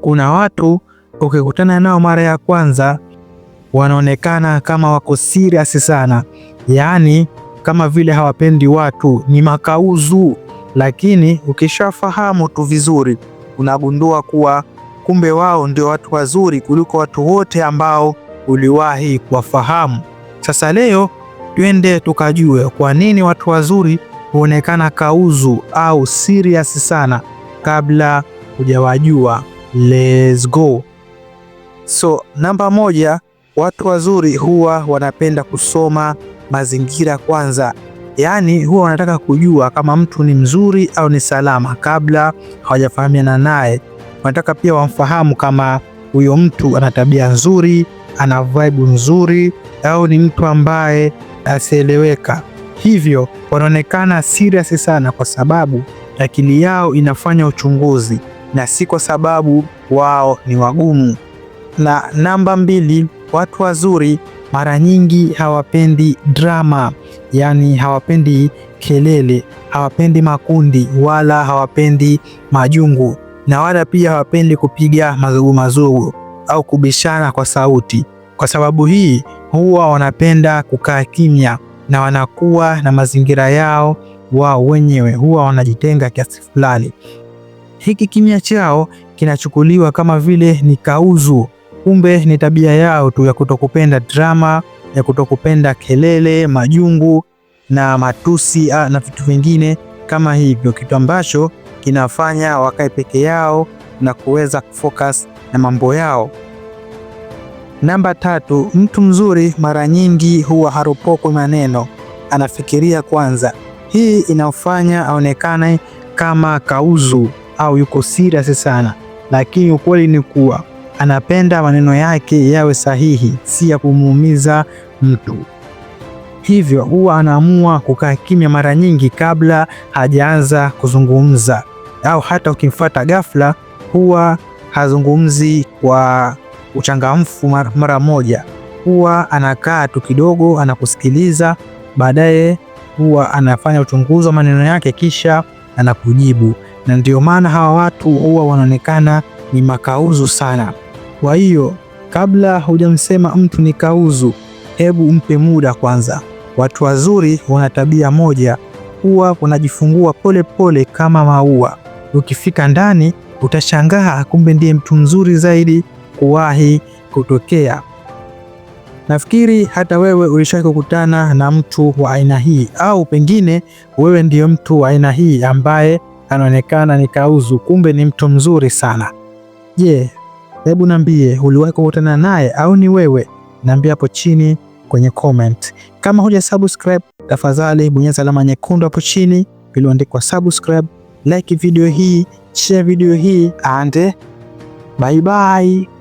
Kuna watu ukikutana nao mara ya kwanza wanaonekana kama wako serious sana, yaani kama vile hawapendi watu, ni makauzu. Lakini ukishafahamu tu vizuri, unagundua kuwa kumbe wao ndio watu wazuri kuliko watu wote ambao uliwahi kuwafahamu. Sasa leo twende tukajue kwa nini watu wazuri huonekana kauzu au serious sana kabla hujawajua. Let's go. So namba moja, watu wazuri huwa wanapenda kusoma mazingira kwanza, yaani huwa wanataka kujua kama mtu ni mzuri au ni salama kabla hawajafahamiana naye. Wanataka pia wamfahamu kama huyo mtu ana tabia nzuri, ana vibe nzuri, au ni mtu ambaye asieleweka. Hivyo wanaonekana serious sana, kwa sababu akili yao inafanya uchunguzi na si kwa sababu wao ni wagumu. Na namba mbili, watu wazuri mara nyingi hawapendi drama, yaani hawapendi kelele, hawapendi makundi wala hawapendi majungu, na wala pia hawapendi kupiga mazugu mazugu au kubishana kwa sauti. Kwa sababu hii, huwa wanapenda kukaa kimya na wanakuwa na mazingira yao wao wenyewe, huwa wanajitenga kiasi fulani. Hiki kimya chao kinachukuliwa kama vile ni kauzu, kumbe ni tabia yao tu ya kutokupenda drama, ya kutokupenda kelele, majungu na matusi ah, na vitu vingine kama hivyo, kitu ambacho kinafanya wakae peke yao na kuweza kufocus na mambo yao. Namba tatu, mtu mzuri mara nyingi huwa haropokwi maneno, anafikiria kwanza. Hii inafanya aonekane kama kauzu au yuko serious sana, lakini ukweli ni kuwa anapenda maneno yake yawe sahihi, si ya kumuumiza mtu. Hivyo huwa anaamua kukaa kimya mara nyingi kabla hajaanza kuzungumza, au hata ukimfuata ghafla huwa hazungumzi kwa uchangamfu mara moja. Huwa anakaa tu kidogo, anakusikiliza, baadaye huwa anafanya uchunguzi wa maneno yake, kisha anakujibu na ndio maana hawa watu huwa wanaonekana ni makauzu sana. Kwa hiyo kabla hujamsema mtu ni kauzu, hebu mpe muda kwanza. Watu wazuri wana tabia moja, huwa wanajifungua pole pole kama maua. Ukifika ndani utashangaa, kumbe ndiye mtu mzuri zaidi kuwahi kutokea. Nafikiri hata wewe ulishawahi kukutana na mtu wa aina hii, au pengine wewe ndiyo mtu wa aina hii ambaye anaonekana ni kauzu, kumbe ni mtu mzuri sana. Je, hebu nambie uliwahi kukutana naye au ni wewe? Niambie hapo chini kwenye comment. Kama huja subscribe, tafadhali bonyeza alama nyekundu hapo chini iliyoandikwa subscribe, like video hii, share video hii and bye bye.